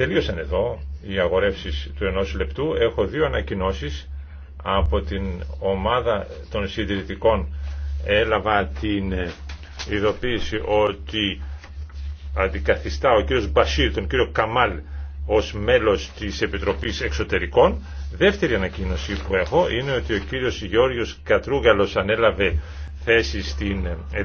Τελείωσαν εδώ οι αγορεύσεις του ενός λεπτού. Έχω δύο ανακοινώσεις από την ομάδα των συντηρητικών. Έλαβα την ειδοποίηση ότι αντικαθιστά ο κύριος Μπασίρ, τον κύριο Καμάλ, ως μέλος της Επιτροπής Εξωτερικών. Δεύτερη ανακοίνωση που έχω είναι ότι ο κύριος Γιώργος Κατρούγαλος ανέλαβε θέση στην